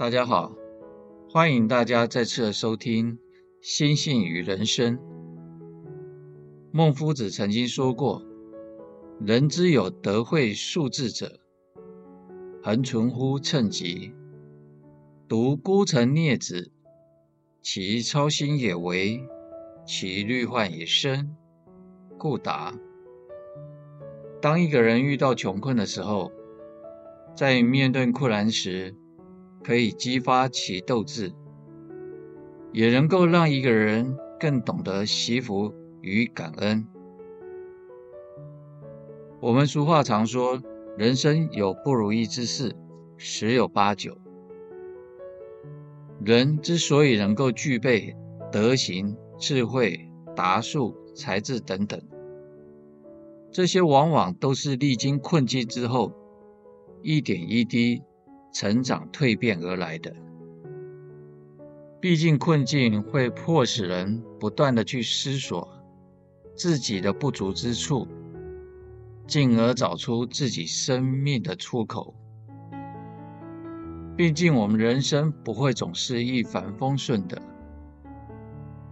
大家好，歡迎大家再次的收聽《心性與人生》。孟夫子曾經說過：“人之有德慧術知者，恆存乎疢疾；獨孤臣孽子，其操心也危，其慮患也深，故達。”當一個人遇到窮困的時候，在面對困難時，可以激發其鬥志，也能夠讓一個人更懂得惜福與感恩。我們俗話常說，人生有不如意之事，十有八九。人之所以能夠具備德行、智慧、達數、才智等等，這些往往都是歷經困境之後，一點一滴。成長蛻變而來的。畢竟困境會迫使人不斷地去思索自己的不足之處，進而找出自己生命的出口。畢竟我們人生不會總是一帆風順的，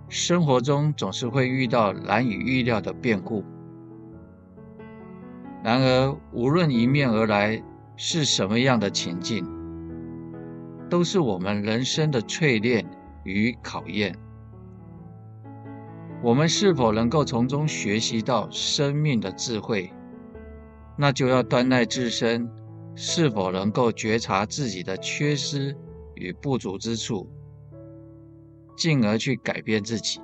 生活中總是會遇到難以預料的變故。然而無論迎面而來，是什麼樣的情境，都是我們人生的淬煉與考驗。我們是否能夠從中學習到生命的智慧，那就要端賴自身是否能夠覺察自己的缺失與不足之處，進而去改變自己。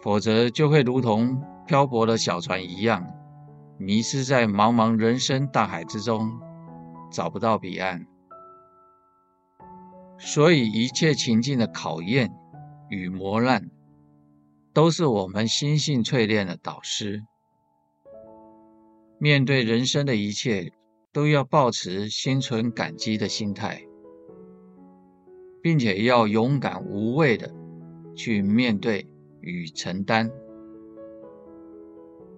否則，就會如同漂泊的小船一樣。迷失在茫茫人生大海之中，找不到彼岸。所以，一切情境的考驗與磨難，都是我們心性淬煉的導師。面對人生的一切，都要保持心存感激的心態，並且要勇敢無畏的去面對與承擔。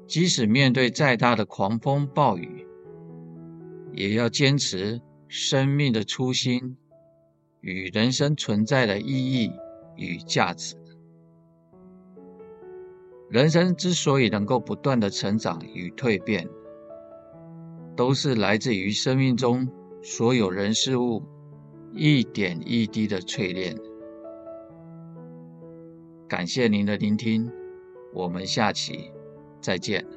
即使面對再大的狂風暴雨，也要堅持生命的初心與人生存在的意義與價值。人生之所以能夠不斷的成長與蛻變，都是來自於生命中所有人事物一點一滴的淬煉。感謝您的聆聽，我們下期。再見。